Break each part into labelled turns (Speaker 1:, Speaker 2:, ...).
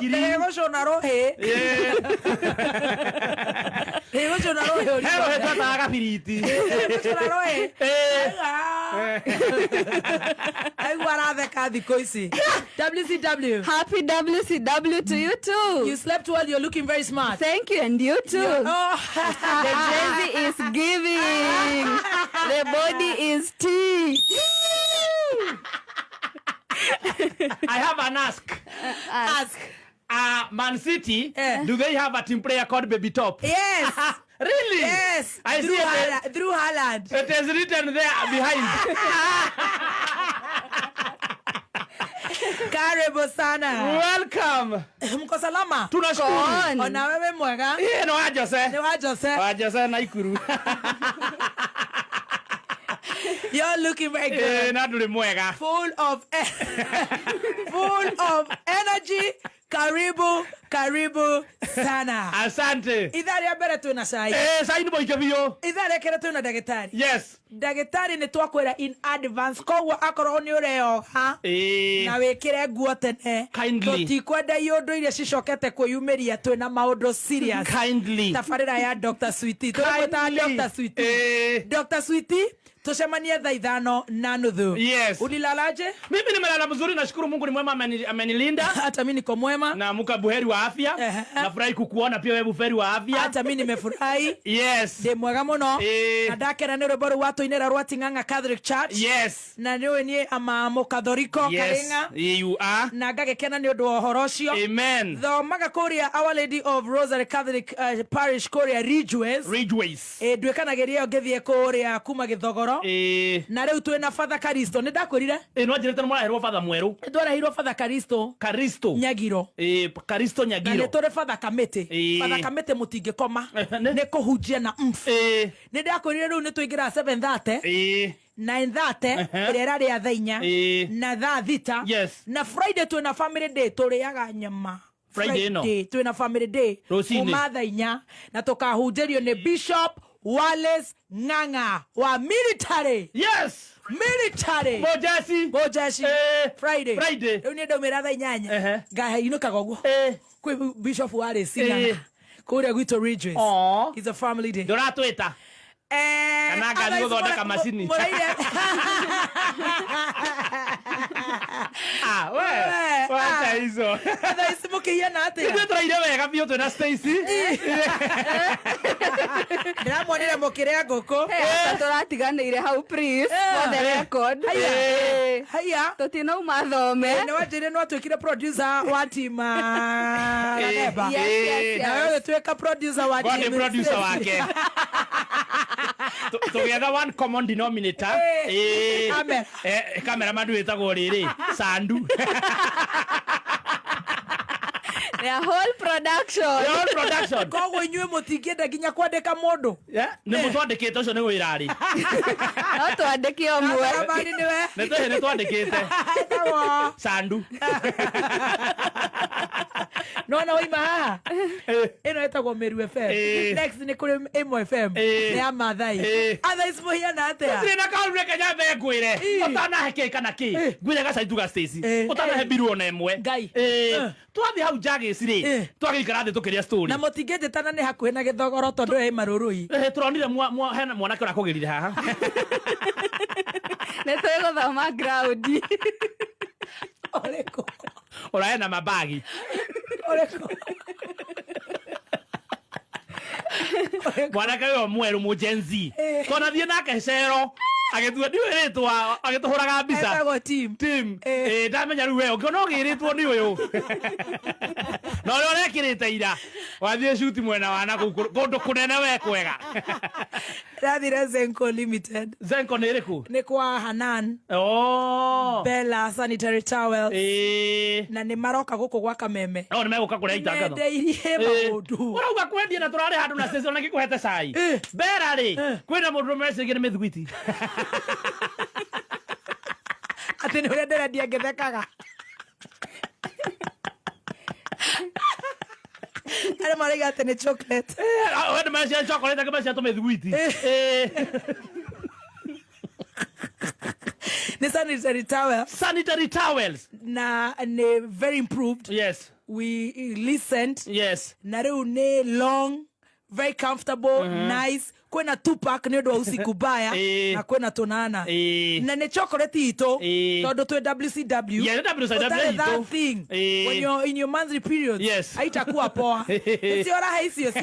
Speaker 1: herohetwetaga kabiriti
Speaker 2: aigua aratheka thikå ici
Speaker 3: Happy WCW to you too.
Speaker 4: You slept well. You're looking very smart.
Speaker 3: Thank you, and you too. Yeah. Oh. the jersey is giving. the body is tea.
Speaker 1: I have an ask. ask. ask uh, Man City, yeah. do they have a team player called Baby Top? Yes. really? Yes. I through see Hall-
Speaker 4: it, through holland
Speaker 1: It is written there behind.
Speaker 4: Karibu sana.
Speaker 1: Welcome.
Speaker 2: Mko salama?
Speaker 1: Tunashukuru.
Speaker 2: Ona wewe mwega?
Speaker 1: Yeye ni wa Jose.
Speaker 2: Ni wa Jose.
Speaker 1: Wa Jose na Ikuru.
Speaker 4: You're looking very good. Eh,
Speaker 1: na mwega.
Speaker 4: Full of e- full of energy. Karibu, karibu sana.
Speaker 1: Asante.
Speaker 2: Idhaa rĩa mbere twĩ na cai.
Speaker 1: Eh, cai nĩ mũingĩ biũ.
Speaker 2: Ithaa rĩa kerĩ twĩ na ndagĩtarĩ. Yes. Ndagĩtarĩ nĩ twakwĩra in advance koguo akorwo nĩ ũreoha
Speaker 1: e... Eh.
Speaker 2: na wĩkĩre nguo tene tũtikwenda iũndũ iria cicokete kwĩyumĩria twĩ na maũndũ serious tabarĩra ya Dr. Switi
Speaker 1: tũragwĩtaga Dr. Switi. E... Eh.
Speaker 2: Dr. Switi Tusemanie thaa ithano na nuthu. Yes. Ulilalaje?
Speaker 1: Mimi nimelala mzuri, nashukuru Mungu ni mwema amenilinda.
Speaker 2: Hata mimi niko mwema.
Speaker 1: Na muka buheri wa afya. Nafurahi kukuona pia wewe buheri wa afya.
Speaker 2: Hata mimi nimefurahi. Yes. Ndi mwega muno. E... Eh. Na ndakena ni rwimbo rwa tũinĩra rwa Ting'ang'a Catholic Church. Yes. Na niũĩ niĩ ama mũkathoriko yes. Karĩng'a. You are. Na ngagĩkena nĩ ũndũ wa ũhoro ũcio. Amen. Thomaga kũrĩa Our Lady of Rosary Catholic uh, Parish kũrĩa Ridgeways.
Speaker 1: Ridgeways.
Speaker 2: E, nduĩkanagĩria ngĩthiĩ kũrĩa kuma Gĩthogoro muno eh. na riu twi na father karisto ni ndakwirire
Speaker 1: ä no njä mwaherwo batha mwerå
Speaker 2: nä twaraheirwo batha karisto karisto nyagiro
Speaker 1: karisto nyagiro
Speaker 2: na nä tå rä batha kamä batha kamä koma nä kå na mf nä ndakwirire rä u nä tå ingä ra na thate ä rä a thaa inya na thaa thita na friday twä na family day tå rä aga nyama friday twä na family day kuma thaa inya na tå ni bishop Wallace Nanga wa military.
Speaker 1: Yes.
Speaker 2: Military.
Speaker 1: Bojasi. Bojasi. Eh, Friday. Friday.
Speaker 2: Rĩu nĩ ndaumĩra thaa inyanya. Eh. Ngainũkaga ũguo. Eh. Kwĩ Bishop Wallace Ng'ang'a. Eh. Kũrĩa gwitũ Ridges. Oh. It's a family day.
Speaker 1: Ndũratwĩta.
Speaker 2: Eh.
Speaker 1: Kana ngari gũthondeka macini ah, we, wacha hizo.
Speaker 2: Tha ici mũkĩhiana atĩa?
Speaker 1: Ithuĩ tũraire wega biũ twĩna Stacy.
Speaker 2: Ndĩramwonire mũkĩrĩa ngũkũ.
Speaker 3: Tũratiganĩire hau please for the record. Haya. Tũtinauma thome. Nĩ
Speaker 2: wanjĩire no atuĩkire producer wa tima. Na wewe tuĩka producer wa tima.
Speaker 1: Wani producer wake tå getha one common denominator eh kamera tagwo rä rä sandu
Speaker 3: ya whole production ya
Speaker 1: whole production
Speaker 2: koguo inyuĩ mũtingĩenda nginya kwandĩka mũndũ
Speaker 1: nĩ eh. mũtwandĩkĩte ũcio nĩ wĩra rĩ
Speaker 3: no twandĩke ũmwe
Speaker 1: nĩ tũhĩ nĩ twandĩkĩte sandu
Speaker 2: no na woima haha eh. ĩno ĩtagwo Meru FM eh. next ni kũrĩ ĩmwe FM nĩ ya Maathai Athais mũhiana atĩa
Speaker 1: gũtirĩ na kaũru reke nyambe ngwĩre ũtanahe kĩ kana kĩ ngwĩre gacaitu ga staci ũtanahe mbiru ona ĩmwe ngai twathiĩ hau njagĩ race eh. rä twagäikara thä tå kä rä a
Speaker 2: na må tingä njä tana nä hakuhä na gä thogoro tondå he marå rå i
Speaker 1: eh, tå ronire hena mwanake å rakå gä rire haha
Speaker 3: nä tå gå thoma
Speaker 1: å raena mabagi mwanake ũyũ mwerũ mũjenzi eh. konathiĩ nake cero agĩtua ndiwĩrĩtwo agĩtũhũraga mbica tim eh. Eh, ndamenya rĩu we ũngĩona ũgĩrĩtwo nĩ ũyũ na ũrĩa ũrekĩrĩte ira wathiĩ cuti mwena wa na kũndũ kũnene we kwega
Speaker 2: ndathire zenko limited
Speaker 1: zenko nä rä kå
Speaker 2: nä kwa hanan
Speaker 1: oh.
Speaker 2: bela sanitary towel
Speaker 1: e.
Speaker 2: na nä maroka gå kå gwaka meme
Speaker 1: no nä megå ka kå rä a
Speaker 2: itangazondeirie maå ndu å
Speaker 1: rauga kwendia na tå rarä andu na cicio na gikuhete cai mbera ri kwina mundu mecigire mithwiti
Speaker 2: ati ni uria ndirendia ngithekaga arä maraiga atä nä
Speaker 1: ndä macia chocolate angä macia tå mithwiti
Speaker 2: ni sanitary towels.
Speaker 1: Sanitary towels.
Speaker 2: Na ni very improved. Yes. We listened. Yes. Na rĩu ni long very comfortable uh mhm. -huh. nice kwä na tupak nä å ndå wa usiku baya eh. na kwä tå nana eh. na nä chokoreti itå tondå twä
Speaker 1: www
Speaker 2: poa cio rahe icio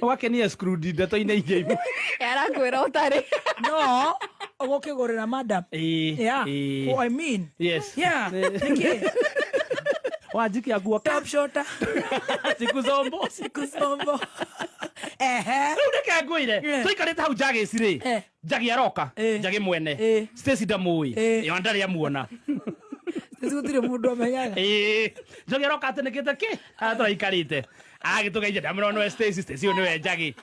Speaker 1: wakenia scrudi ndatoinä
Speaker 3: iria ra å tarä
Speaker 2: no gå kä gå rä ra madam
Speaker 1: Wanjiki aguo
Speaker 2: cup shorter.
Speaker 1: Siku zombo.
Speaker 2: Siku zombo. Ehe.
Speaker 1: Rĩu reke ngwĩre eh. tũikarĩte hau njagi ici rĩ eh. aroka eh. njagi mwene Stacy ndamũĩ yo ndarĩ amuona
Speaker 2: gũtirĩ mũndũ amenyaga
Speaker 1: njagi aroka atĩnĩkĩte kĩ atũraikarĩte agĩtũgeithia ndamũrona Stacy Stacy ũyũ nĩwe njagi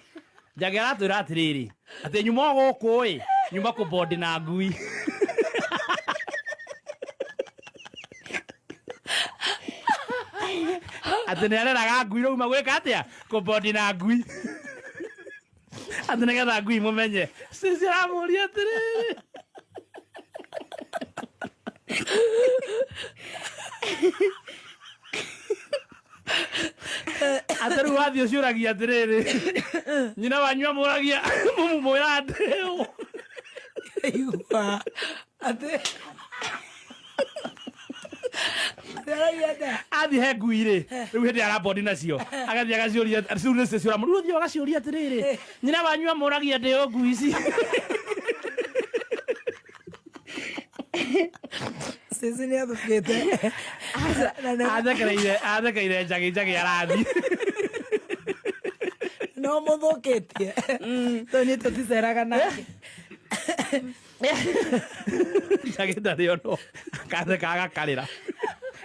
Speaker 1: njagi aratwĩra atĩrĩrĩ atĩ nyuma gũkũ ĩ nyuma kũbondi na ngui atĩ nĩ areraga ngui rĩu magwĩka atĩa kũbondi na ngui atĩ nĩgetha ngui mũmenye cici aramũria atĩrĩrĩ atĩ rĩu wathiĩ ũciũragia atĩrĩrĩ nyina wanyu amũragia mũmũmwĩra atĩ
Speaker 2: igua athiĩ
Speaker 1: he ngui rĩ eh. rĩu hĩndĩ arabondi nacio eh. agathiĩ agaciũria rĩu nĩciũra rĩu thiĩ agaciũria atĩrĩrĩ eh. nyina wanyu amũragia ndĩ o ngui ici
Speaker 2: sisi nä athukite
Speaker 1: athekereire njagi njagi arathi
Speaker 2: no må thå kä tie tå mm. tå ticeraga nake
Speaker 1: njagä ndarä ono akatheka agakarä ra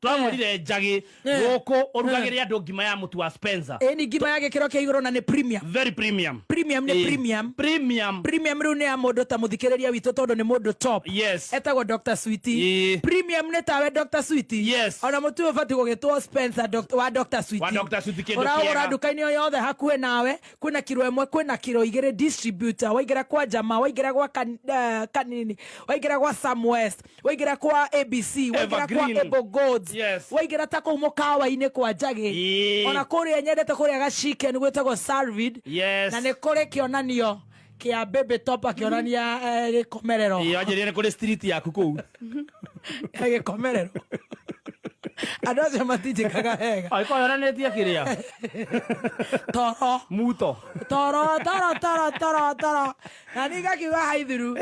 Speaker 1: twagurire eh. njagi eh. guku urugagire eh. andu ngima ya mutu wa Spencer
Speaker 2: ni ngima ya gikiro kia iguru na ni premium
Speaker 1: very premium
Speaker 2: premium ni premium
Speaker 1: premium
Speaker 2: premium riu ni ya mundu ta muthikiriria witu tondu ni mundu top yes etagwo Dr Sweety premium ni tawe Dr Sweety yes ona mutu ubati gugitwo Spencer wa Dr Sweety
Speaker 1: wa Dr Sweety kindu
Speaker 2: kia uragura ndukaini yothe hakuhe nawe kwina kiro imwe kwina kiro igiri distributor waigira kwa jamaa waigira kwa kanini waigira kwa Sam West waigira kwa ABC waigira kwa Ebo Gold yes. waigä ta kå u må kawa-inä kwa njagä ona kå rä a nyendete kå rä a gaciken gwä yes. na nä kå kionanio kia bebe top akä gä eh, komerero
Speaker 1: anjä kå rä street yaku kå u
Speaker 2: gä komerero andå acio matinjäkaga wega
Speaker 1: angäkorwo yonanä tie kä rä a
Speaker 2: toro muto toro toro toro toro toro na niga kiuga haithiru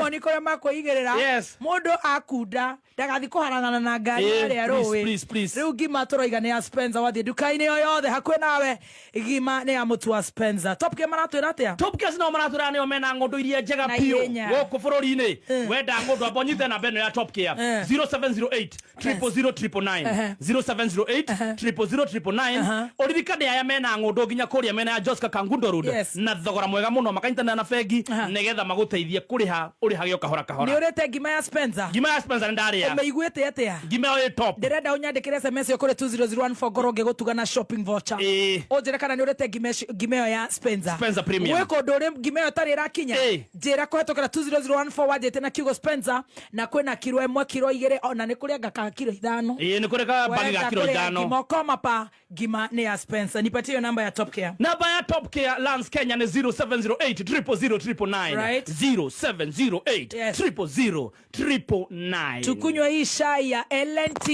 Speaker 2: mo ni kuria makwiigirira mundu akunda ndagathi kuharangana na ngari aria rũĩ rĩu ngima tũroiga nĩ ya spenza wathiĩ nduka yo yothe hakuhĩ nawe gima nĩ ya mũtu wa spencer topke maratwĩra atĩa
Speaker 1: topkes nao maratwĩra nĩo mena ng'ũndũ iria njega biũ gũkũ bũrũri-inĩ wenda ng'ũndũ amba nyite namba ĩno ya topkea 0708 00009 0708 aya mena ng'ũndũ nginya kũrĩa mena ya josca kangundo road na thogora mwega mũno makanyitanĩra na bengi bengi nigetha maguteithie kuriha urihage ukahora kahora
Speaker 2: ni urite ngima ya Spencer
Speaker 1: ngima ya Spencer ndaria
Speaker 2: umeiguite atia
Speaker 1: ngima yo top
Speaker 2: ndirenda unyandikire SMS yo kuri 2001 ngoro ngigutugana shopping voucher eh unjire kana ni urite ngima yo ya Spencer
Speaker 1: Spencer premium
Speaker 2: weko nduri ngima yo tari irakinya njira kuhetukira 2001 wanjite na kigo Spencer na kwina kiro imwe kiro igire ona ni kuri ngaka kiro ithano
Speaker 1: ni kuri ka bagi ga kiro ithano
Speaker 2: ngimoko mapa ngima ni ya Spencer nipatie namba ya Top Care
Speaker 1: namba ya Top Care Lands Kenya ni 0708 000 0998
Speaker 2: tukunywa hii shai ya LNT.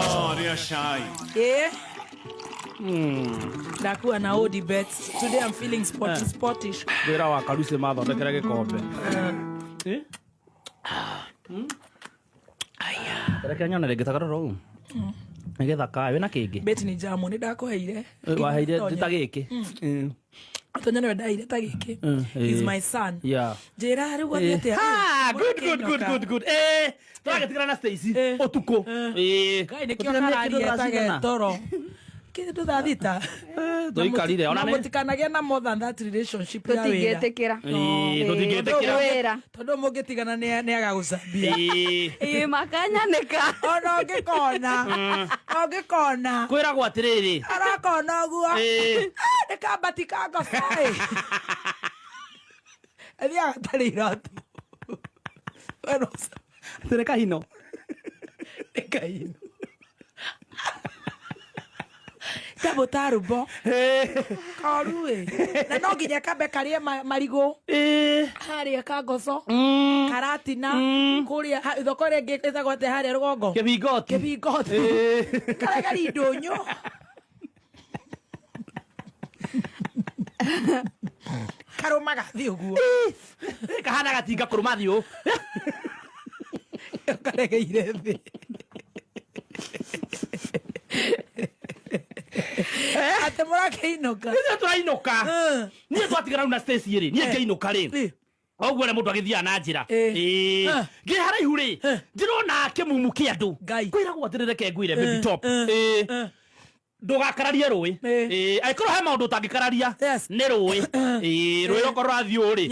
Speaker 1: Oh, ya shai. Yeah. Mm.
Speaker 2: Nakuwa na odi bets. Today I'm feeling spotty, yeah. Spottish.
Speaker 1: wa kaluse matha tekera gikombe. Eh?
Speaker 2: Mm. Aya.
Speaker 1: Rekera nyona rege takaroro. Mm. Nige thaka wena kingi.
Speaker 2: Beti ni jamu ni ndakoheire.
Speaker 1: Eh, waheire ta giki.
Speaker 2: Mm tonya nä ta gä kä njä ra rä u athiä
Speaker 1: atä tå ragä tigana na å tukå nä kä
Speaker 2: o nduthaathita
Speaker 1: eh, tuikarire
Speaker 2: ona mũtikanagia na more than that relationship ya wĩra
Speaker 3: tũtingĩtĩkĩra
Speaker 1: tũtingĩtĩkĩra
Speaker 3: wĩra
Speaker 2: tondå må ngä tigana nä agagåcambia
Speaker 3: ĩ makanyanĩka
Speaker 2: ona å ngä kona å mm.
Speaker 1: kwä ragwo atä rä rĩ
Speaker 2: arakona å guo ah, nä kambati ka ngobaä athiaga tarä kahino nä kahino kambe buta eh. rubo koru na no nginya kambe karie marigu
Speaker 1: eh.
Speaker 2: haria kangoco mm. karatina mm. kuria thoko ria ngi itagwo ate haria rugongo
Speaker 1: kibingoti
Speaker 2: kibingoti
Speaker 1: eh.
Speaker 2: karegari ndunyu karuma gathi uguo
Speaker 1: kahana gatinga rå thiu
Speaker 2: karegeire thi ate mũrakĩinũka
Speaker 1: ithuĩ tũrainũka niĩ twatigana na staci rĩ niĩ ngĩinũka rĩ oguo rä må ndå na njä ra ngä haraihu rĩ ndärona kä mumu kä andå kwä ragwo atä rä reke ngwä re rå ä angä korwo he maå ndå å tangä kararia nä rå ä rå ä rå korwo rathiå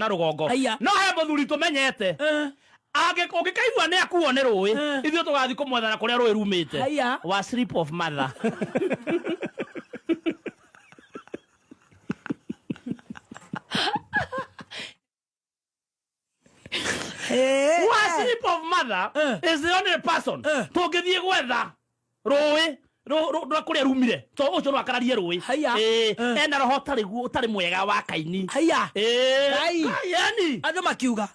Speaker 1: na rå no he må thuri tå menyete age nä akuo nä rå ä eh. ithuä tå gathiä kå mwethana kå rä a rå ä wa sleep of mother Hey, eh. wa sleep of mother eh. is the only person tå ngä thiä gwetha rå ä rå kå rä a rumire to å cio no akararie rå ä eh. ena roho å tarä mwega wa kaini
Speaker 2: yani andå makiuga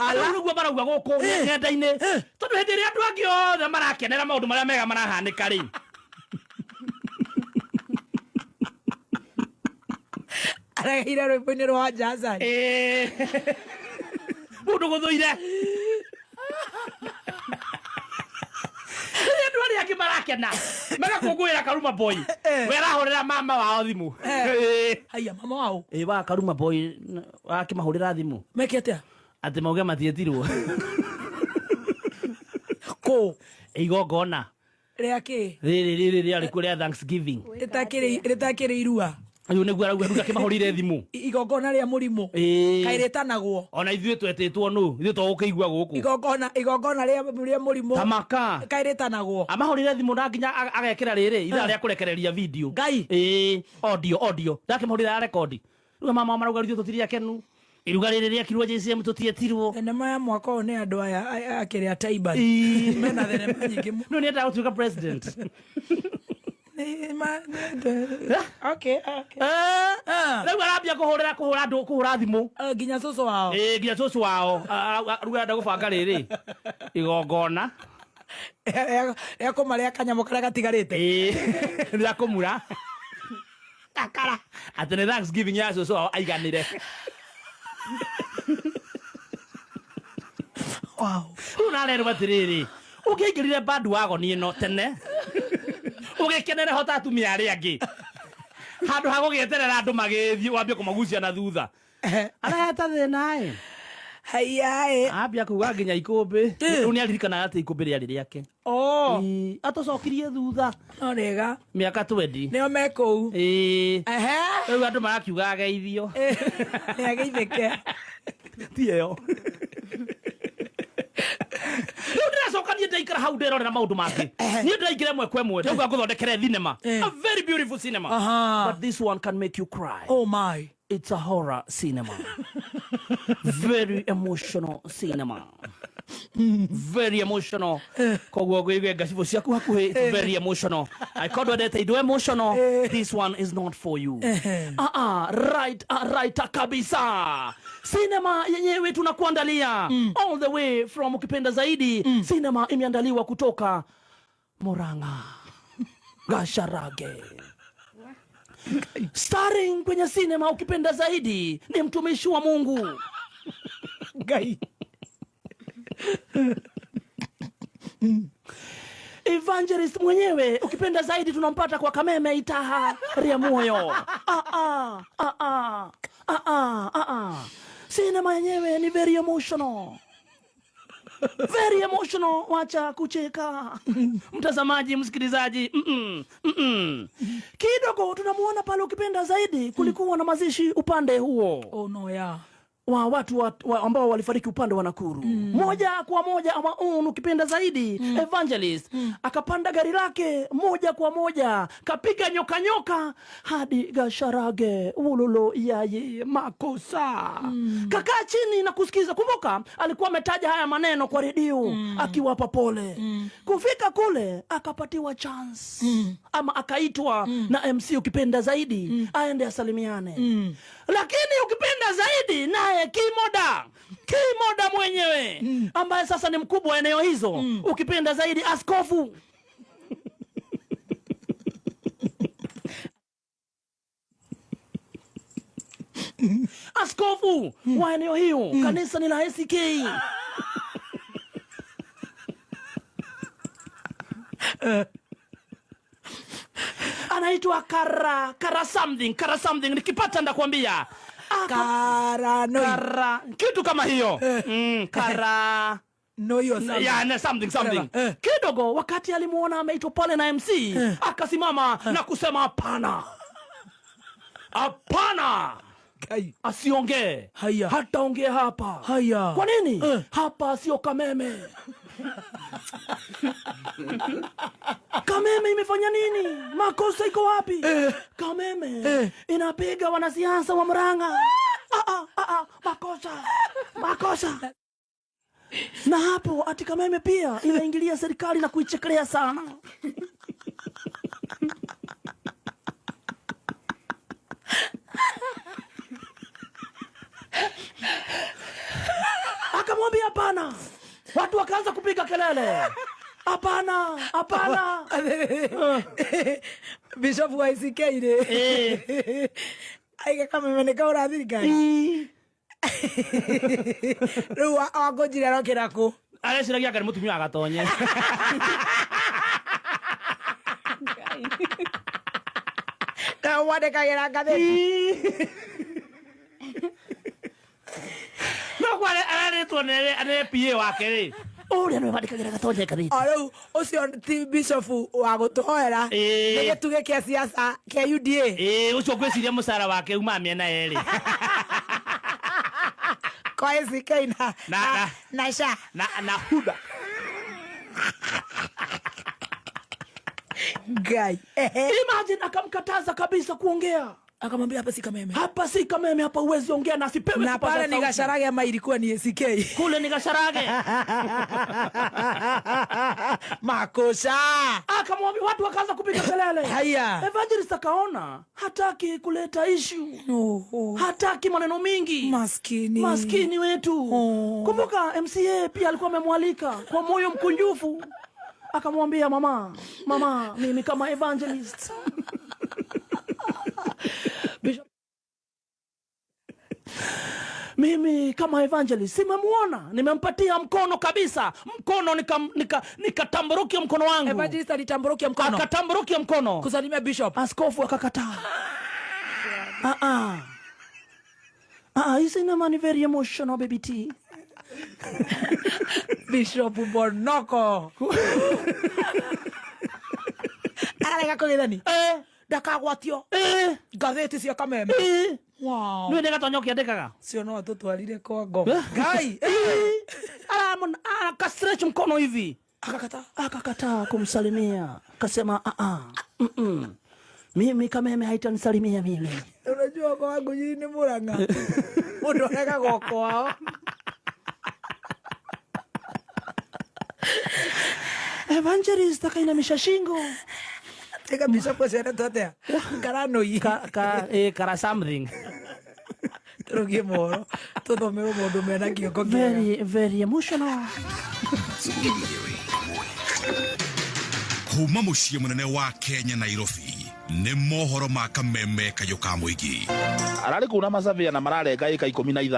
Speaker 2: rä
Speaker 1: guo marauga gå kå eh. ng'enda-inä eh. tondå hä ndä ä rä a andå angä othe marakenera maå ndå marä a mega marahanä ka rä
Speaker 2: arageire rwä mbo-inä rwa jazan
Speaker 1: må ndå gå thå ire ni angi marakena magakungwira karuma boy eh. ra mama wao thimu eh.
Speaker 2: haiya mama wao
Speaker 1: ĩ wa karuma boy wakĩmahũrĩra thimũ meke atĩa atä mauge matiĩtirwo kũ igongona
Speaker 2: rä rä rä
Speaker 1: rĩrĩ rĩarĩ kuo rĩa thanksgiving
Speaker 2: rä irua
Speaker 1: ayo niguo arauga ruga kimahurire thimu
Speaker 2: igongona ria murimu kairetanagwo
Speaker 1: ona ithuĩ twetĩtwo nũ ithuĩ twagũkĩigua gũkũ
Speaker 2: igongona igongona ria mũrimũ
Speaker 1: tamaka
Speaker 2: kairetanagwo
Speaker 1: amahurire thimu na nginya agekĩra rĩrĩ ithaa ah. rĩa kũrekereria video ngai Eh audio audio ndakĩmahurire ya rekondi ruga mama mama marauga ithuĩ tũtiri akenu iruga rä rä rä akirwo jcm tå tietirwo
Speaker 2: thenema ya mwaka å nä andå aya akä rä a taiba mena thenema nyingä
Speaker 1: no nä endaga gå tuä
Speaker 2: rä ah,
Speaker 1: ah. u arambia kå hå rä ra kå hå ra thimå
Speaker 2: oh, nginya cåcå wao
Speaker 1: nginya cåcå wao ah, ruga enda gå banga rä rä igongona
Speaker 2: rä a marä a kanyamå karä a gatigarä te
Speaker 1: rä a kå mura kakara atä nä ya cåcå wao aiganä re rä u narerwo atä rä rä å ngä aingä rire wagoni ä no tene ugikenere hota atumia aria angi handu ha gugieterera andu magithii wambie kumagucia na thutha areheta thina-i
Speaker 2: haiyaĩ
Speaker 1: ambia kuga nginya ikũmbĩ rĩu nĩ aririkanaga atĩ ikũmbĩ rĩarĩ rĩake o cokirie thutha no mä aka twendi nä
Speaker 2: nĩo me kũu rä
Speaker 1: u andå marakiuga ageithio
Speaker 2: nĩ ke
Speaker 1: tiĩyo ndä racoka niä ndaikara hau ndirorera maundu mangi eh. nie ndiraingire mwe kwe mwe ndauga nguthondekere thinema eh. a very beautiful cinema uh -huh. but this one can make you cry
Speaker 2: oh my
Speaker 1: it's a horror cinema very emotional cinema
Speaker 2: very
Speaker 1: emotional koguo gwigwe ngacibo ciaku hakuhi very emotional i called akorwo ndwendete indo emotional this one is not for you ah ah right ah, right ah, kabisa sinema yenyewe tunakuandalia mm. all the way from ukipenda zaidi mm. sinema imeandaliwa kutoka moranga Gasharage starring kwenye sinema ukipenda zaidi ni mtumishi wa Mungu gai Evangelist mwenyewe ukipenda zaidi tunampata kwa Kameme Itaha moyo. Ah, ah, ah, ah, ah, ah, ah, ah. Sinema yenyewe ni very emotional. Very emotional, wacha kucheka mtazamaji, msikilizaji. mm -mm, mm -mm. Kidogo tunamuona pale, ukipenda zaidi kulikuwa na mazishi upande huo.
Speaker 2: Oh, no, yeah
Speaker 1: wa watu wa, wa, ambao walifariki upande wa Nakuru mm. moja kwa moja ama unu kipenda zaidi mm. Evangelist mm. akapanda gari lake moja kwa moja kapiga nyoka nyoka hadi Gasharage ululo yaye makosa mm. kakaa chini na kusikiza. Kumbuka alikuwa ametaja haya maneno kwa redio mm. akiwapa pole mm. kufika kule akapatiwa chance mm. ama akaitwa mm. na MC ukipenda zaidi mm. aende asalimiane mm lakini ukipenda zaidi naye Kimoda Kimoda mwenyewe mm. ambaye sasa ni mkubwa wa eneo hizo mm. ukipenda zaidi askofu askofu mm. wa eneo hiyo mm. kanisa ni la ACK anaitwa kara kara something kara something, nikipata ndakwambia
Speaker 2: ah, kara no
Speaker 1: kara kitu kama hiyo eh. mm, kara
Speaker 2: Noyo something.
Speaker 1: Yeah, something, something. Eh. Kidogo wakati alimuona ameitwa pale na MC eh, akasimama eh, na kusema hapana, hapana asiongee, hataongea hapa. kwa nini? Eh, hapa sio Kameme Kameme imefanya nini? Makosa iko wapi? Eh. Kameme eh, inapiga wanasiasa wa Murang'a. Ah, ah, ah, ah, makosa makosa. Na hapo ati Kameme pia inaingilia serikali na kuichekelea sana akamwambia hapana watu wakaanza kupiga kelele. Hapana, hapana.
Speaker 2: Bishop wa ICK ile.
Speaker 1: Eh.
Speaker 2: Aika kama imeneka urathi
Speaker 1: gani?
Speaker 2: Rĩu wangũnjire arokĩra kũ
Speaker 1: areciragia ngai mũtumia agatonye
Speaker 2: na wandĩkagĩra
Speaker 1: ngathĩti araretwo nene PA wake rä
Speaker 2: uria nä wandäkagä ra gatonye ngathä o rä u å cio bishop wa gå tå hoera nä gä tugä kä ciaca kä a uda
Speaker 1: å cio ngwä ciria må cara wake uma mĩena yerĩ kwack na huda ngai imagine akamkataza kabisa kuongea Akamwambia hapa si Kameme. Hapa si Kameme, hapa uwezi ongea na sipewe.
Speaker 2: Na pale ni Gasharage ama ilikuwa ni SK.
Speaker 1: Kule ni Gasharage. Makosa. Akamwambia watu wakaanza kupiga kelele. Haya. Evangelist akaona hataki kuleta issue.
Speaker 2: no, oh.
Speaker 1: Hataki maneno mingi.
Speaker 2: Maskini.
Speaker 1: Maskini wetu. Oh. Kumbuka MCA pia alikuwa amemwalika kwa moyo mkunjufu. Akamwambia mama, mama, mimi kama evangelist Mimi kama evangelist simemwona nimempatia mkono kabisa, mkono nikatamburukia, nika, nika mkono wangu,
Speaker 2: alitamburukia mkono,
Speaker 1: akatamburukia mkono
Speaker 2: kusalimia bishop,
Speaker 1: askofu akakataa. ah ah ah, ah very emotional baby t
Speaker 2: Bishop
Speaker 1: eh eh kameme
Speaker 2: eh
Speaker 3: wow
Speaker 1: nä gatonya å kä Sio kaga cio no atå twarire kwa ngoma eh? ngai ala akastretch mkono hivi akakataa akakataa kumsalimia akasema a ah, ah, mm -mm. mimi kameme haitanisalimia mimi unajua kwa wangu jini ni muranga mundu arega goko evangelist akainamisha shingo tega bishapu aciaretwo atea karano ka, ka, eh, kara something rugie moro tuthomerwo mundu mena kiongo kiega kuma muciĩ mũnene wa kenya nairobi nĩ mohoro ma kameme kayũ ka mũingĩ ararĩ kuuna macabĩa na mararenga ĩka ikũmi na itha